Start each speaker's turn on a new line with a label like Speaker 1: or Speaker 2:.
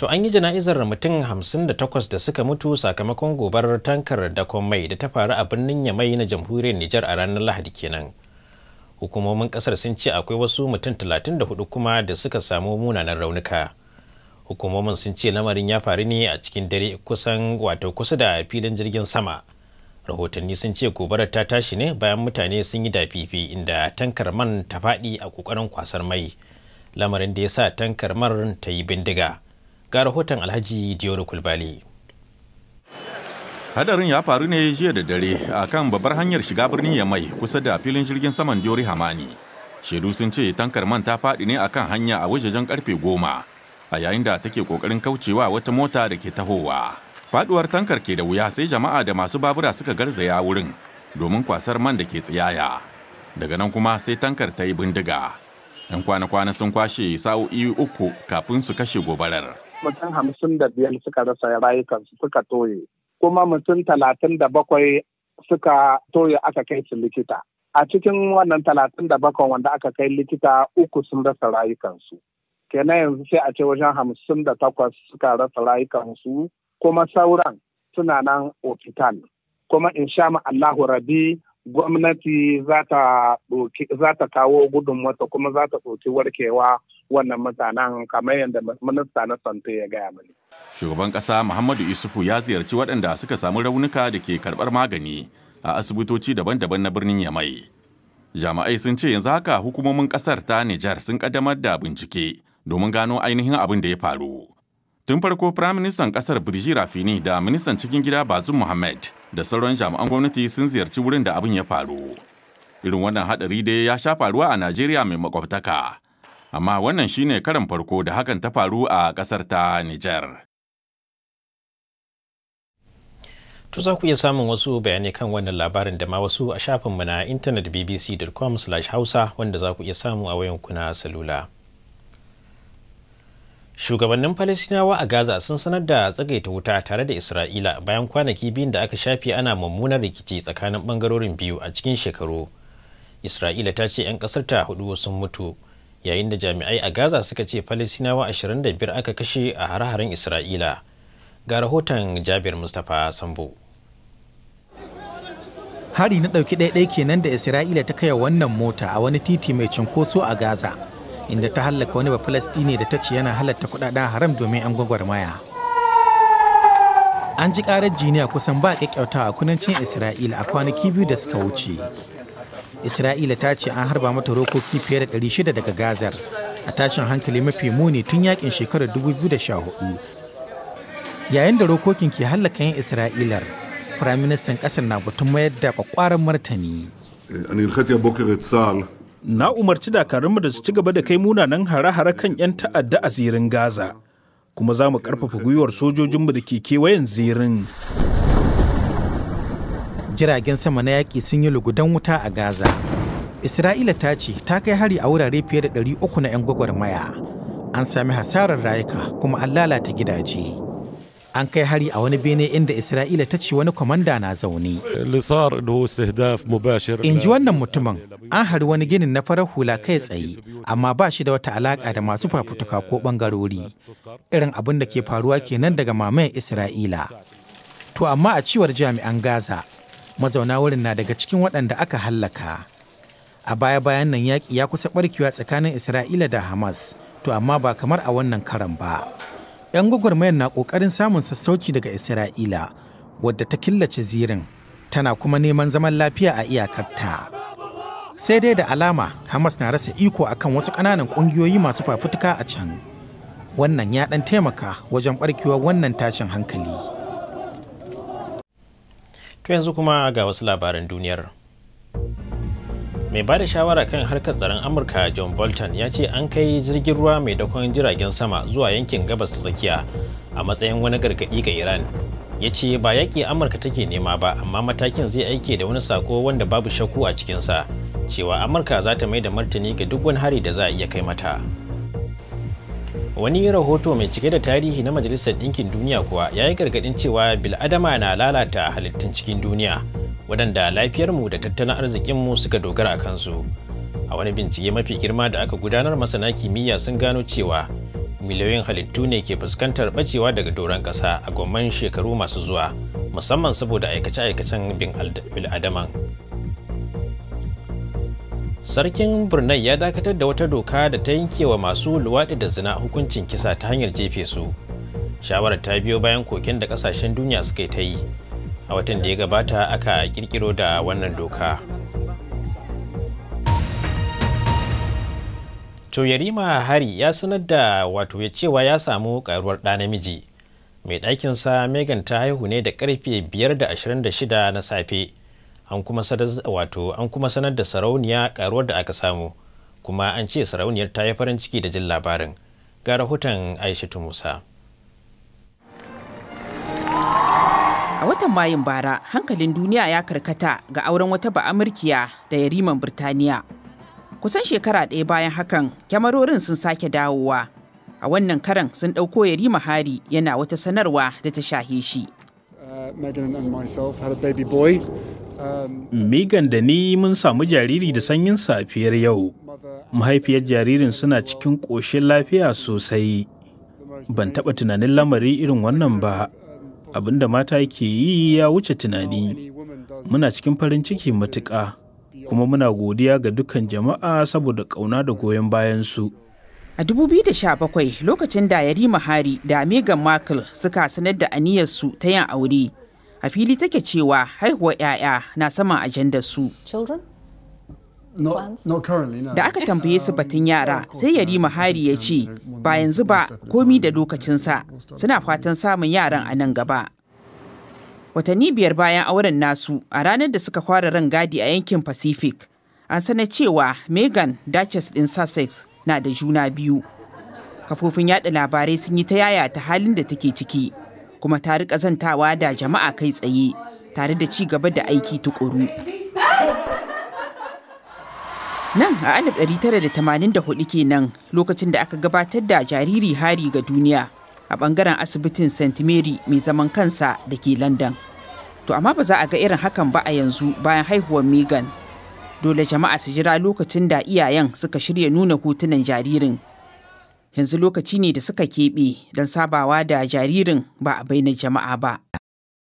Speaker 1: To an yi jana'izar mutum hamsin da takwas da suka mutu sakamakon gobarar tankar da mai da ta faru a birnin Yamai na jamhuriyar Nijar a ranar Lahadi kenan. Hukumomin kasar sun ce akwai wasu mutum talatin da hudu kuma da suka samu munanan raunuka. Hukumomin sun ce lamarin ya faru ne a cikin dare kusan wato kusa da filin jirgin sama. Rahotanni sun ce gobarar ta tashi ne bayan mutane sun yi dafifi inda tankar man ta faɗi a ƙoƙarin kwasar mai. Lamarin da ya sa tankar man ta yi bindiga. ga rahoton alhaji diyoro kulbali
Speaker 2: hadarin ya faru ne jiya da dare a kan babbar hanyar shiga birnin yamai kusa da filin jirgin saman diori hamani shaidu sun ce tankar man ta faɗi ne akan hanya a wajejen karfe goma a yayin da take kokarin kaucewa wata mota da ke tahowa faduwar tankar ke da wuya sai jama'a da masu babura suka garzaya wurin domin kwasar man da ke tsiyaya daga nan kuma sai tankar ta yi bindiga 'yan kwana-kwana sun kwashe sa'o'i uku kafin su kashe gobarar
Speaker 3: mutum hamsin da biyar suka rasa rayukansu suka toye kuma mutum talatin da bakwai suka toye aka kai su likita a cikin wannan talatin da bakwai wanda aka kai likita uku sun rasa rayukansu kenan yanzu sai a ce wajen hamsin da takwas suka rasa rayukansu kuma sauran suna nan ofital kuma in sha Allahu rabi gwamnati za ta kawo gudunmata kuma za ta ɗauki warkewa wannan mutanen kamar yadda minista na santo ya gaya mani.
Speaker 2: Shugaban ƙasa Muhammadu Isufu ya ziyarci waɗanda suka samu raunuka da ke karɓar magani a asibitoci daban-daban na birnin Yamai. Jami'ai sun ce yanzu haka hukumomin ƙasar ta Nijar sun ƙaddamar da bincike domin gano ainihin abin da ya faru. Tun farko Firaministan ƙasar Birji Rafini da Ministan cikin gida Bazum Muhammad da sauran jami'an gwamnati sun ziyarci wurin da abin ya faru. Irin wannan haɗari dai ya sha faruwa a Najeriya mai makwabtaka. amma wannan shine karan farko da hakan ta faru a ƙasar ta Nijar. To za ku iya
Speaker 1: samun wasu bayanai kan wannan labarin da ma wasu a shafinmu na intanet bbc.com hausa wanda za ku iya samu a wayan kuna salula. Shugabannin Falasinawa a Gaza sun sanar da tsagaita wuta tare da Isra'ila bayan kwanaki biyun da aka shafi ana mummunar rikici tsakanin ɓangarorin biyu a cikin shekaru. Isra'ila ta ce 'yan ƙasar ta hudu sun mutu. yayin da jami'ai a gaza suka ce falisinawa 25 aka kashe a hare-haren isra'ila ga rahoton jabir mustapha sambo
Speaker 3: hari na ɗauki ɗaiɗai kenan da isra'ila ta wa wannan mota a wani titi mai cunkoso a gaza inda ta hallaka wani bafalastine da ta ce yana halatta kudaden haram domin 'yan gwagwarmaya an ji karar jiniya kusan ba a kyakkyautawa kudancin isra'ila a kwanaki biyu da suka wuce isra'ila ta ce an harba mata rokoki fiye da 600 daga gazar a tashin hankali mafi muni tun yakin shekarar 2014 yayin da rokokin ke hallaka yin isra'ilar firaministan ƙasar na batun mayar da kwakwaran martani
Speaker 4: eh,
Speaker 1: na umarci dakarunmu da su ci gaba da kai munanan hare-hare kan 'yan ta'adda a zirin gaza kuma za mu karfafa gwiwar sojojinmu da ke kewayen zirin
Speaker 3: jiragen sama na yaƙi sun yi lugudan wuta a Gaza. Isra'ila ta ce ta kai hari a wurare fiye da 300 na 'yan gwagwarmaya. An sami hasarar rayuka kuma an lalata gidaje. An kai hari a wani bene inda Isra'ila ta ce wani kwamanda na zaune. In ji wannan mutumin, an hari wani ginin na farar hula kai tsaye, amma ba shi da wata alaƙa da masu fafutuka ko ɓangarori. Irin abin da ke faruwa kenan daga mamayan Isra'ila. To amma a cewar jami'an Gaza, mazauna wurin na daga cikin waɗanda aka hallaka a baya-bayan nan yaƙi ya kusa ɓarkewa tsakanin isra'ila da hamas to amma ba kamar a wannan karan ba 'yan gwagwarmayar na ƙoƙarin samun sassauci daga isra'ila wadda ta killace zirin tana kuma neman zaman lafiya a iyakarta sai dai da alama hamas na rasa iko akan wasu ƙananan ƙungiyoyi masu fafutuka a can wannan ya ɗan taimaka wajen ɓarkewar wannan tashin hankali.
Speaker 1: To yanzu kuma ga wasu labaran duniyar. Mai bada shawara kan harkar tsaron Amurka John Bolton ya ce an kai jirgin ruwa mai dakon jiragen sama zuwa yankin gabas ta tsakiya a matsayin wani gargaɗi ga Iran. Ya ce ba yaƙi Amurka take nema ba amma matakin zai aike da wani sako wanda babu shakku a cikinsa cewa Amurka za ta mai da martani ga duk wani hari da za a iya kai mata. wani rahoto mai cike da tarihi na majalisar ɗinkin duniya kuwa ya yi gargaɗin cewa biladama na lalata halittun cikin duniya waɗanda lafiyarmu da tattalin arzikinmu suka dogara a kansu a wani bincike mafi girma da aka gudanar masana kimiyya sun gano cewa miliyoyin halittu ne ke fuskantar ɓacewa daga doron ƙasa a gwamman shekaru masu zuwa musamman saboda aikace-aikacen bin bil'adaman sarkin brunei ya dakatar da wata doka da ta yanke wa masu luwaɗi da zina hukuncin kisa ta hanyar jefe su shawarar ta biyo bayan koken da ƙasashen duniya suka ta yi a watan da ya gabata aka kirkiro da wannan doka to yarima hari ya sanar da wato ya cewa ya samu karuwar ɗa namiji mai ɗakinsa megan ta haihu ne da karfe 5:26 na safe an kuma wato an kuma sanar da sarauniya karuwar da aka samu kuma an ce sarauniyar ta yi farin ciki da jin labarin ga rahoton aishatu musa
Speaker 4: a watan mayun bara hankalin duniya ya karkata ga auren wata ba'amurkiya da yariman birtaniya kusan shekara ɗaya bayan hakan kyamarorin sun sake dawowa a wannan karan sun ɗauko yarima hari yana wata sanarwa da ta shahe shi uh,
Speaker 1: Megan da ni mun samu jariri da sanyin safiyar yau. Mahaifiyar jaririn suna cikin ƙoshin lafiya sosai. Ban taɓa tunanin lamari irin wannan ba. Abin da mata ke yi ya wuce tunani. Muna cikin farin ciki matuƙa, kuma muna godiya ga dukkan jama'a
Speaker 4: saboda ƙauna da goyon bayansu. A 2017 lokacin da Yarima Hari da Megan Markle suka sanar da aniyarsu ta yin aure. a fili take cewa haihuwar 'ya'ya na saman ajandar su. Da aka tambaye su batun yara sai Yarima Hari ya ce ba yanzu ba komi da lokacinsa suna fatan samun yaran a nan gaba. Watanni biyar bayan auren nasu a ranar da suka fara ran gadi a yankin Pacific an sanar cewa Megan Duchess ɗin Sussex na da juna biyu. Kafofin yada labarai sun yi ta yaya ta halin da take ciki. kuma ta rika zantawa da jama'a kai tsaye tare da ci gaba da aiki tukuru. Nan a 1984 kenan lokacin da aka gabatar da jariri hari ga duniya a bangaren asibitin St. Mary mai zaman kansa da ke London. To amma ba za a ga irin hakan ba a yanzu bayan haihuwar Megan. Dole jama'a su jira lokacin da iyayen suka shirya nuna hotunan jaririn yanzu lokaci ne da suka keɓe don sabawa da jaririn ba a na jama'a ba.